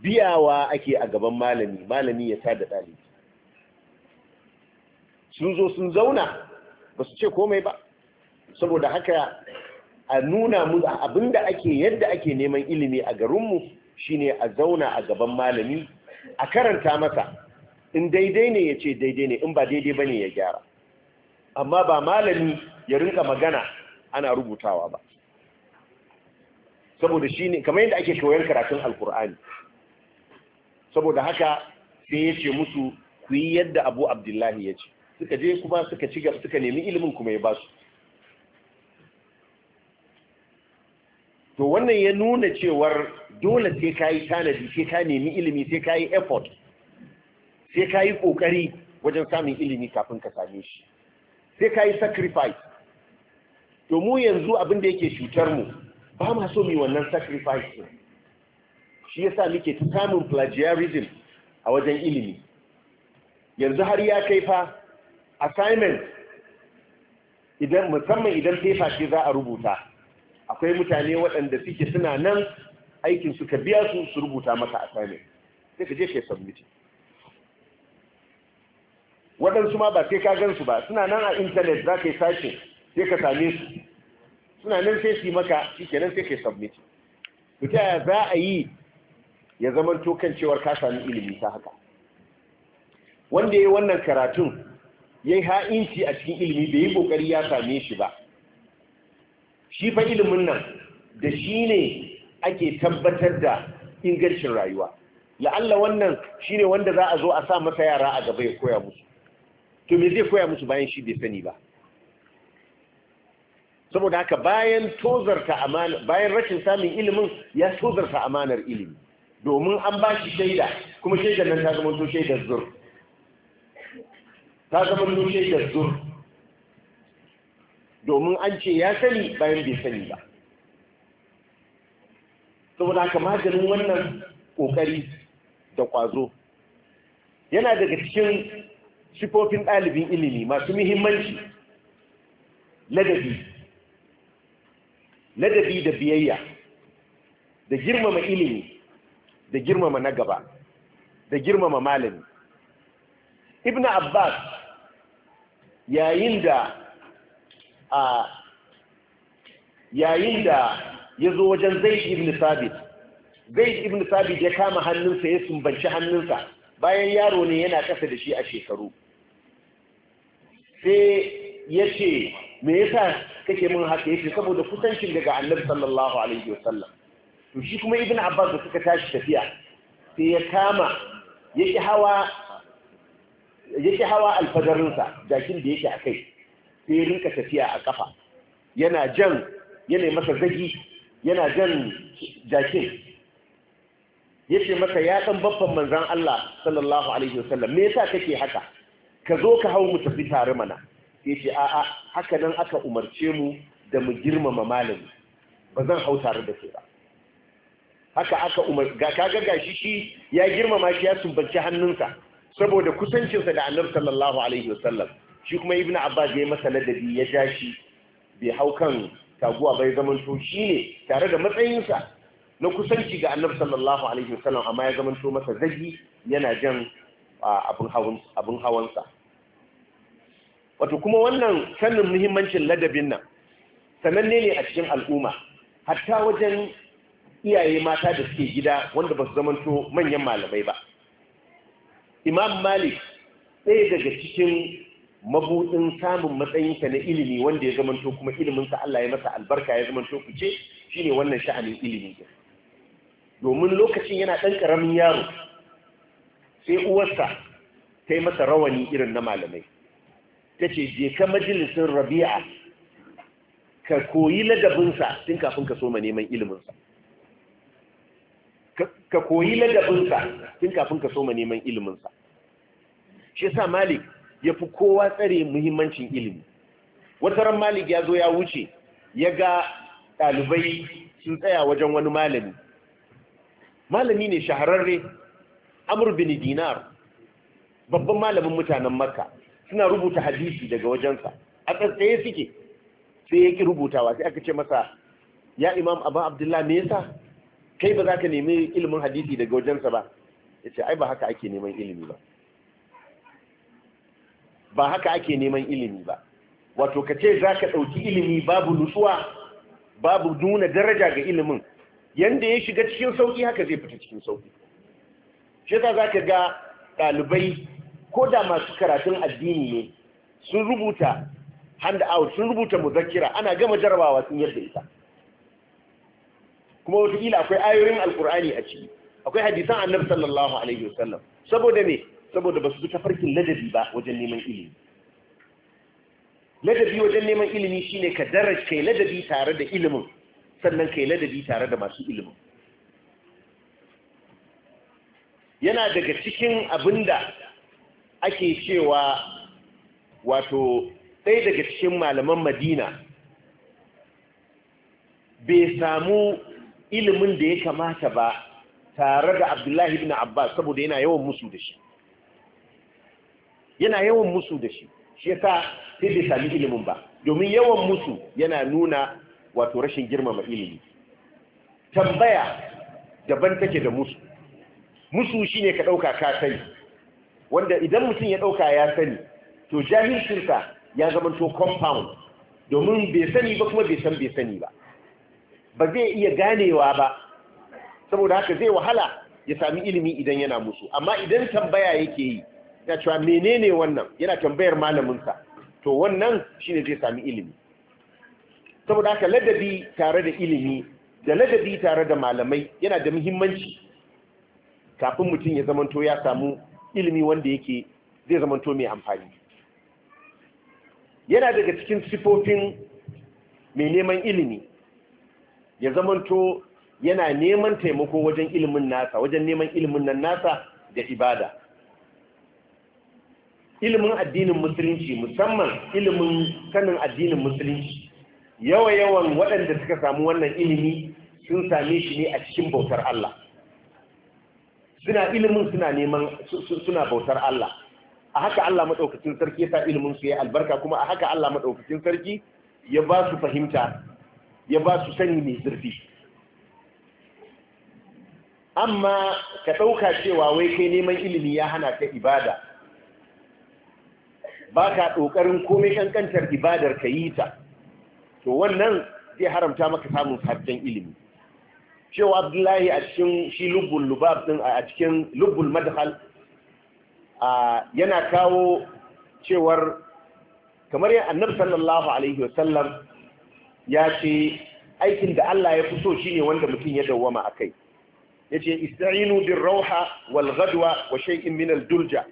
biyawa ake a gaban malami malami ya tada ɗalibi sun zo sun zauna ba su ce komai ba saboda haka a nuna abin abinda ake yadda ake neman ilimi a garinmu shine a zauna a gaban malami a karanta masa in daidai ne ya ce daidai ne in ba daidai ba ne ya gyara amma ba malami ya rinka magana ana rubutawa ba saboda shi kamar yadda ake koyar karatun alkur'ani saboda haka sai yace musu ku yi yadda abu abdullahi ya ce suka je kuma suka ci suka nemi ilimin kuma ya ba to wannan ya nuna cewar dole sai ka yi tanadi sai ka nemi ilimi sai ka yi effort sai ka yi ƙoƙari wajen samun ilimi kafin ka same shi sai ka yi sacrifice to mu yanzu abin da yake cutar mu ba ma so mu wannan sacrifice Shi shi yasa muke ta samun plagiarism a wajen ilimi yanzu har ya kai fa assignment idan musamman idan paper ce za a rubuta akwai mutane waɗanda suke suna nan aikin suka biya su su rubuta maka assignment sai ka je ka submit waɗansu ma ba sai ka gan su ba suna nan a intanet za ka yi sashe sai ka same su suna nan sai su yi maka shi kenan sai ka yi submit to ta yaya za a yi ya zama tokan cewar ka sami ilimi ta haka wanda ya yi wannan karatun ya yi ha'inci a cikin ilimi bai yi kokari ya same shi ba shi fa ilimin nan da shi ne ake tabbatar da ingancin rayuwa la'alla wannan shi ne wanda za a zo a sa masa yara a gaba ya koya musu to me zai koya musu bayan shi bai sani ba saboda haka bayan tozarta amana bayan rashin samun ilimin ya tozarta amanar ilimi domin an ba shi shaida kuma shaidar nan ta zama to shaidar ta zama to shaidar zur domin an ce ya sani bayan bai sani ba saboda haka maganin wannan ƙoƙari da ƙwazo yana daga cikin sifofin ɗalibin ilimi masu muhimmanci ladabi ladabi da biyayya da girmama ilimi da girmama na gaba da girmama malami ibn abbas yayin da a yayin da ya zo wajen zaid ibn sabit zaid ibn sabit ya kama hannunsa ya sumbanci hannunsa bayan yaro ne yana ƙasa da shi a shekaru sai ya ce me yasa kake min haka ya ce? saboda kusancin daga annabi sallallahu alaihi wasallam to shi kuma ibn abbas da suka tashi tafiya sai ya kama hawa hawa alfadarinsa jakin da yake a kai sai ya rinka tafiya a kafa yana jan yana masa zagi yana jan jakin ce masa ya ɗan babban manzon Allah sallallahu alaihi wasallam me yasa kake haka ka zo ka hau mu tafi tare mana ya ce a'a haka nan aka umarce mu da mu girmama malami ba zan hau tare da tsira. haka aka umar ga kaga gashi shi ya girmama shi ya sumbanci hannunsa saboda kusancinsa da annabi sallallahu alaihi wasallam shi kuma ibn abbas ya masa ladabi ya ja shi bai hau kan taguwa bai zamanto shi ne tare da matsayinsa na kusanci ga annabi sallallahu alaihi wasallam amma ya to masa zagi yana jan abin hawansa wato kuma wannan sanin muhimmancin ladabin nan sananne ne a cikin al'umma hatta wajen iyaye mata da suke gida wanda ba su zamanto manyan malamai ba imam malik ɗaya daga cikin mabuɗin samun matsayinka na ilimi wanda ya zamanto kuma iliminsa Allah ya masa albarka ya zamanto shi shine wannan sha'anin ilimi domin lokacin yana ɗan karamin yaro sai uwarsa ta yi masa rawani irin na malamai ta ce je ka majalisin rabi'a ka koyi ladabinsa tun kafin ka soma neman iliminsa ka koyi ladabinsa tun kafin ka soma neman iliminsa shi sa malik ya fi kowa tsare muhimmancin ilimi wata ran malik ya zo ya wuce ya ga ɗalibai sun tsaya wajen wani malami malami ne shahararre amur bin dinar babban malamin mutanen makka suna rubuta hadisi daga wajensa a tsatsaye suke sai ya ki rubutawa sai aka ce masa ya imam abu abdullah me yasa kai ba za ka nemi ilimin hadisi daga wajensa ba ya ce ai ba haka ake neman ilimi ba ba haka ake neman ilimi ba wato ka ce za ka ɗauki ilimi babu nutsuwa babu nuna daraja ga ilimin yadda ya shiga cikin sauƙi haka zai fita cikin sauƙi shi ta za ka ga ɗalibai ko da masu karatun addini ne sun rubuta hand out sun rubuta muzakira ana gama jarabawa sun yadda ita kuma wataƙila akwai ayoyin Alkur'ani a ciki akwai hadisan annabi sallallahu alaihi saboda ne. saboda ba su bi tafarkin ladabi ba wajen neman ilimi ladabi wajen neman ilimi shine ka daraj kai ladabi tare da ilimin sannan kai ladabi tare da masu ilimin yana daga cikin abin da ake cewa wato ɗaya daga cikin malaman madina bai samu ilimin da ya kamata ba tare da abdullahi bin abbas saboda yana yawan musu da shi yana yawan musu da shi shi ya sa sai bai sami ilimin ba domin yawan musu yana nuna wato rashin girmama ilimi tambaya daban take da musu musu shine ka ɗauka ka sani wanda idan mutum ya ɗauka ya sani to jahilcinsa ya zama to compound domin bai sani ba kuma bai san bai sani ba ba zai iya ganewa ba saboda haka zai wahala ya sami ilimi idan yana musu amma idan tambaya yake yi ya cewa menene wannan yana tambayar malaminsa to wannan shine zai sami ilimi saboda haka ladabi tare da ilimi da ladabi tare da malamai yana da muhimmanci kafin mutum ya zamanto ya samu ilimi wanda yake zai zamanto mai amfani yana daga cikin sifofin mai neman ilimi ya zamanto yana neman taimako wajen ilimin nasa wajen neman ilimin nan nasa da ibada ilimin addinin musulunci musamman ilimin sanin addinin musulunci yawa-yawan waɗanda suka samu wannan ilimi sun same shi ne a cikin bautar Allah suna ilimin suna neman suna bautar Allah a haka Allah maɗaukacin sarki ya sa ilimin su ya albarka kuma a haka Allah maɗaukacin sarki ya ba su fahimta ya ba su sani mai zurfi amma ka ɗauka cewa wai kai neman ilimi ya hana ka ibada ba ka ɗoƙarin komai kankantar ibadar ka yi ta to wannan zai haramta maka samun sabbin ilimi cewa abdullahi a cikin shi lubbul lubab din a cikin lubbul madhal yana kawo cewar kamar yin annabi sallallahu alaihi wasallam ya ce aikin da Allah ya fi so shi ne wanda mutum ya dawwama akai yace isra'inu bin rauha wal gadwa wa shay'in min al dulja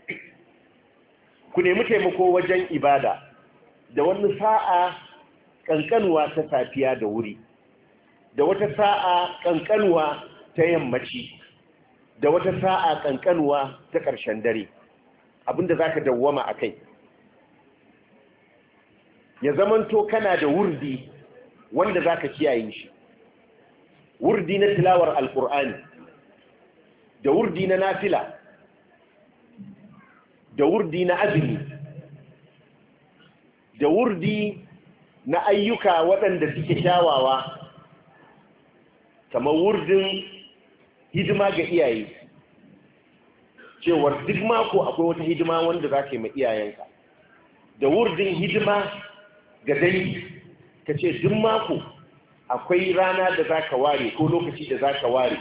ku nemi taimako wajen ibada da wani sa'a ƙanƙanwa ta safiya da wuri da wata sa'a ƙanƙanwa ta yammaci da wata sa'a ƙanƙanwa ta ƙarshen dare abinda za ka dawwama a kai ya zamanto kana da wurdi wanda za ka kiyaye shi wurdi na tilawar alƙur'ani da wurdi na nafila da wurdi na azumi da wurdi na ayyuka waɗanda suke shawawa, kamar wurdin hidima ga iyaye cewar duk mako akwai wata hidima wanda za ka yi ma iyayenka da wurdin hidima ga dangi ka ce duk mako akwai rana da za ka ware ko lokaci da za ka ware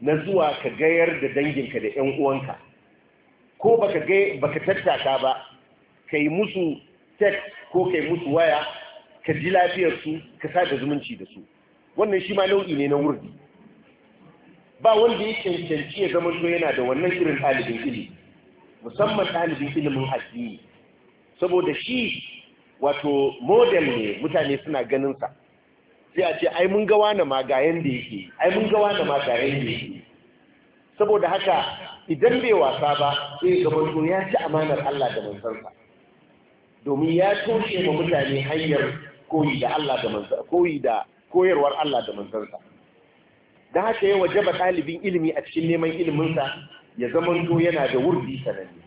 na zuwa ka gayar da danginka da 'yan uwanka ko baka ga baka tattaka ba kai musu tek ko kai musu waya ka ji lafiyar su ka da zumunci da su wannan shi ma nau'i ne na wurdi ba wanda ya cancanci ya zama so yana da wannan irin ɗalibin ilimi musamman ɗalibin ilimin addini saboda shi wato model ne mutane suna ganin sa sai a ce ai mun ga wani ma ga yake ai mun ga wani ma ga yake saboda haka idan bai wasa ba sai gaban to ya ci amanar Allah da manzansa domin ya toshe ma mutane hanyar koyi da Allah da koyi da koyarwar Allah da manzansa da haka ya wajaba ɗalibin ilimi a cikin neman iliminsa ya zamanto yana da wurbi sananne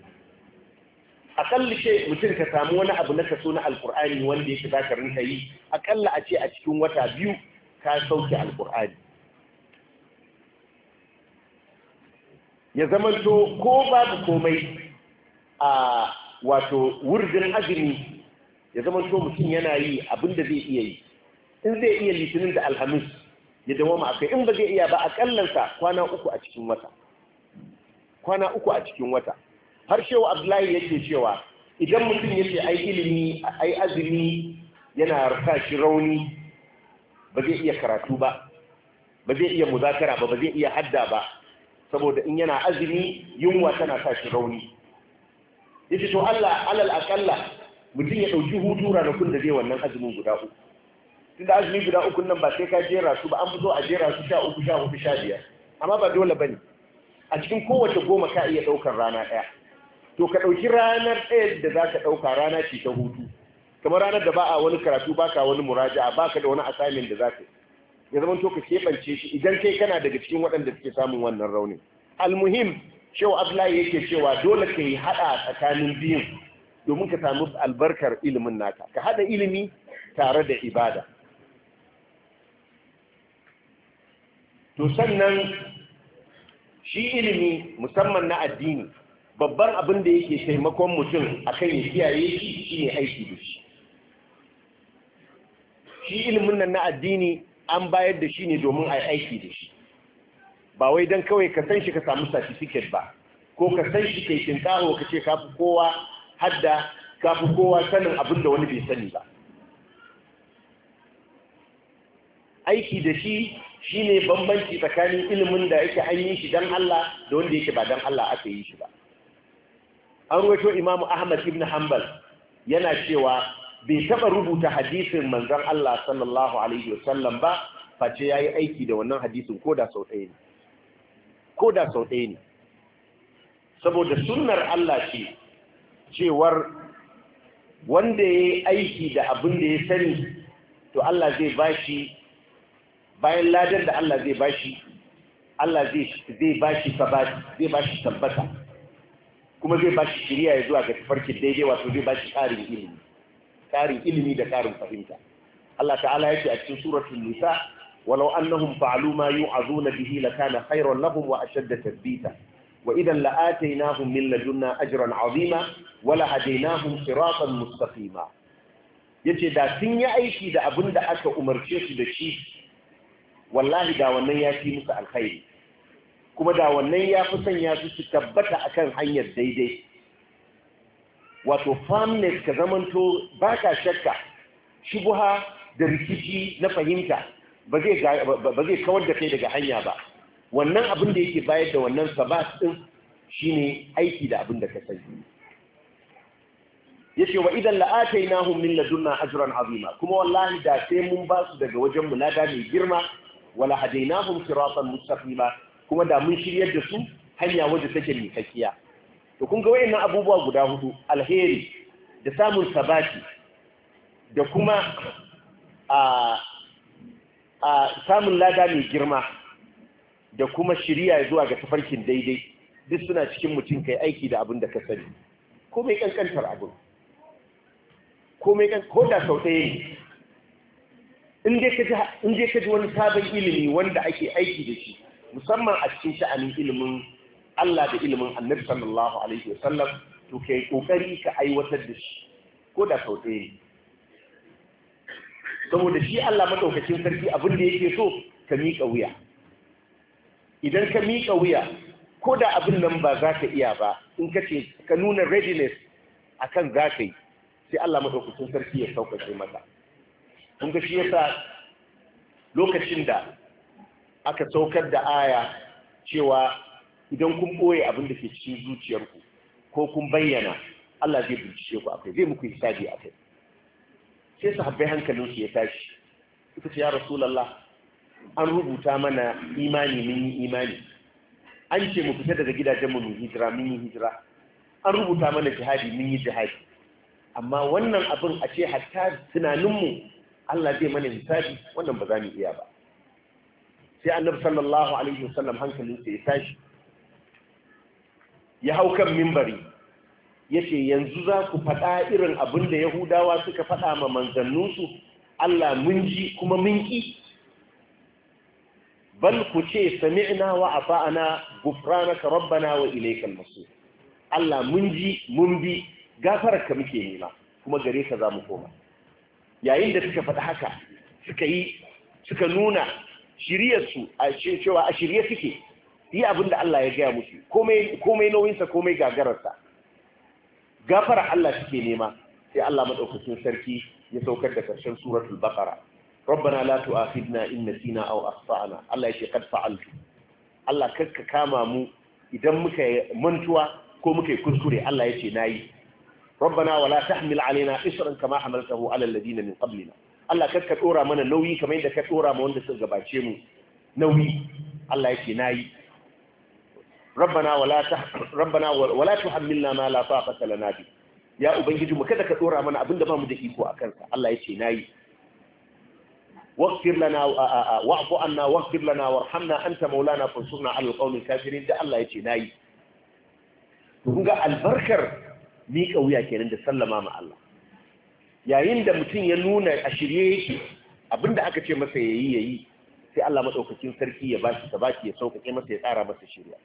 aƙalla ce mutum ka samu wani abu na kaso na alƙur'ani wanda ya shiga ka rinka yi a ce a cikin wata biyu ka sauke alƙur'ani ya zamanto ko babu komai a wato wurdin azumi ya zamanto mutum yana yi abin da zai iya yi in zai iya litinin da alhamis ya dawo ma kai in ba zai iya ba a kallansa kwana uku a cikin wata kwana uku a cikin wata har shewa abdullahi ya yake cewa idan mutum ya ce ai ilimi ai azumi yana rasa shi rauni ba zai iya karatu ba ba zai iya muzakara ba ba zai iya hadda ba saboda in yana azumi yunwa tana sa shi rauni yace to Allah alal akalla mutum ya dauki hutu ranakun da zai wannan azumin guda uku tunda azumi guda uku nan ba sai ka jera su ba an fito a jera su sha uku sha uku sha biyar amma ba dole bane a cikin kowace goma ka iya daukar rana daya to ka dauki ranar ɗaya da za ka dauka rana ce ta hutu kamar ranar da ba a wani karatu ba ka wani muraja'a ba ka da wani assignment da za ka yi ya zama to ka keɓance shi idan kai kana daga cikin waɗanda suke samun wannan raunin almuhim shehu abdullahi yake cewa dole ka yi haɗa tsakanin biyun domin ka samu albarkar ilimin naka ka haɗa ilimi tare da ibada to sannan shi ilimi musamman na addini babban abin da yake taimakon mutum kan ya kiyaye shi ne aiki da shi shi ilimin nan na addini an bayar da shi ne domin a yi aiki da shi ba wai don kawai ka san shi ka samu certificate ba ko ka san shi kai kinkaro ka ce kafi kowa hadda kafi kowa sanin abin da wani bai sani ba aiki da shi ne bambanci tsakanin ilimin da yake an yi shi don Allah da wanda yake ba don Allah aka yi shi ba an ruwaito imamu ahmad ibn hanbal yana cewa bai taɓa rubuta hadisin manzon Allah sallallahu alaihi wasallam ba face yayi aiki da wannan hadisin koda sau ɗaya ne koda sau ɗaya ne saboda sunnar Allah ce cewar wanda ya aiki da abin da ya sani to Allah zai bashi bayan ladar da Allah zai bashi Allah zai bashi sabati zai bashi tabbata kuma zai bashi shiriya ya zuwa ga tafarkin daidai wato zai bashi tsarin ilimi ƙarin ilimi da ƙarin fahimta Allah ta'ala yake a cikin suratul nisa walau annahum fa'alu ma yu'azuna bihi lakana khayran lahum wa ashadda tathbita wa idan la'ataynahum min ladunna ajran 'azima wa lahadaynahum siratan mustaqima yace da sun yi aiki da abin da aka umarce su da shi wallahi da wannan ya fi musu alkhairi kuma da wannan ya fi sanya su su tabbata akan hanyar daidai wato firmness ka zamanto ba ka shakka shubuha da rikici na fahimta ba zai kawar da kai daga hanya ba wannan abin da yake bayar da wannan sabat din shine aiki da abin da ka sani yace wa idan la'atainahum min ladunna ajran azima kuma wallahi da sai mun ba su daga wajen mu lada mai girma wala hadainahum siratan mustaqima kuma da mun shiryar da su hanya wadda take tsakiya. to kun ga wayannan abubuwa guda hudu alheri da samun sabati da kuma a a samun lada mai girma da kuma shiriya zuwa ga tafarkin daidai duk suna cikin mutum kai aiki da abin da ka sani ko mai kankantar abin ko mai kan ko da sau ɗaya ne in dai ka ji wani sabon ilimi wanda ake aiki da shi musamman a cikin sha'anin ilimin Allah da ilimin annabi sallallahu alaihi wa sallam to kai kokari ka aiwatar da shi ko da sau ɗaya saboda shi Allah madaukakin sarki abin da yake so ka miƙa wuya idan ka miƙa wuya ko da abin nan ba za ka iya ba in ka ce ka nuna readiness akan za ka yi sai Allah madaukakin sarki ya saukace maka kun ga shi yasa lokacin da aka saukar da aya cewa idan kun ɓoye abin da ke cikin zuciyarku ko kun bayyana Allah zai bincike ku akai zai muku hisabi akai sai su sahabbai hankalin su ya tashi suka ce ya rasulullah an rubuta mana imani mun yi imani an ce mu fita daga gidajen mu hijira mun yi hijira an rubuta mana jihadi mun yi jihadi amma wannan abin a ce hatta tunaninmu Allah zai mana hisabi wannan ba za mu iya ba sai annabi sallallahu alaihi wasallam hankalin sa ya tashi ya hau kan mimbari ya ce yanzu za ku faɗa irin abin da yahudawa suka faɗa ma manzanninsu allah mun ji kuma mun ƙi bal ku ce sami ina wa gufrana ka rabbana wa ilaikan masu allah mun ji mun bi ka muke nema kuma gare ka za mu koma yayin da suka faɗa haka suka yi suka nuna shiryarsu a a shirye suke yi abin da Allah ya gaya musu komai nauyinsa komai gagararsa gafara Allah suke nema sai Allah maɗaukacin sarki ya saukar da ƙarshen suratul baqara rabbana la tu'akhidna in nasina aw akhtana Allah ya ce kad fa'altu Allah karka kama mu idan muka mantuwa ko muka kuskure Allah ya ce nayi rabbana wala tahmil alaina isran kama hamaltahu ala alladhina min qablina Allah karka dora mana nauyi kamar yadda ka dora ma wanda suka gabace mu nauyi Allah ya ce nayi rabbana wala ta rabbana wala tuhammilna ma la ya ubangiji mu kada ka dora mana abinda ba mu da iko a sa Allah yace nayi واغفر لنا واعف عنا واغفر لنا وارحمنا انت مولانا فانصرنا على القوم الكافرين da Allah yace nayi to kun ga albarkar mika wuya kenan da sallama ma Allah yayin da mutum ya nuna a shirye yake abinda aka ce masa yayi yayi sai Allah madaukakin sarki ya bashi ta bashi ya sauƙaƙe masa ya tsara masa shirya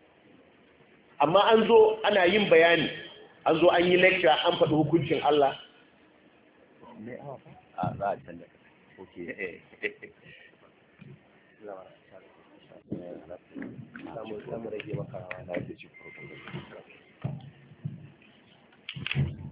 amma an zo ana yin bayani an zo an yi lecture an faɗi hukuncin Allah Thank you.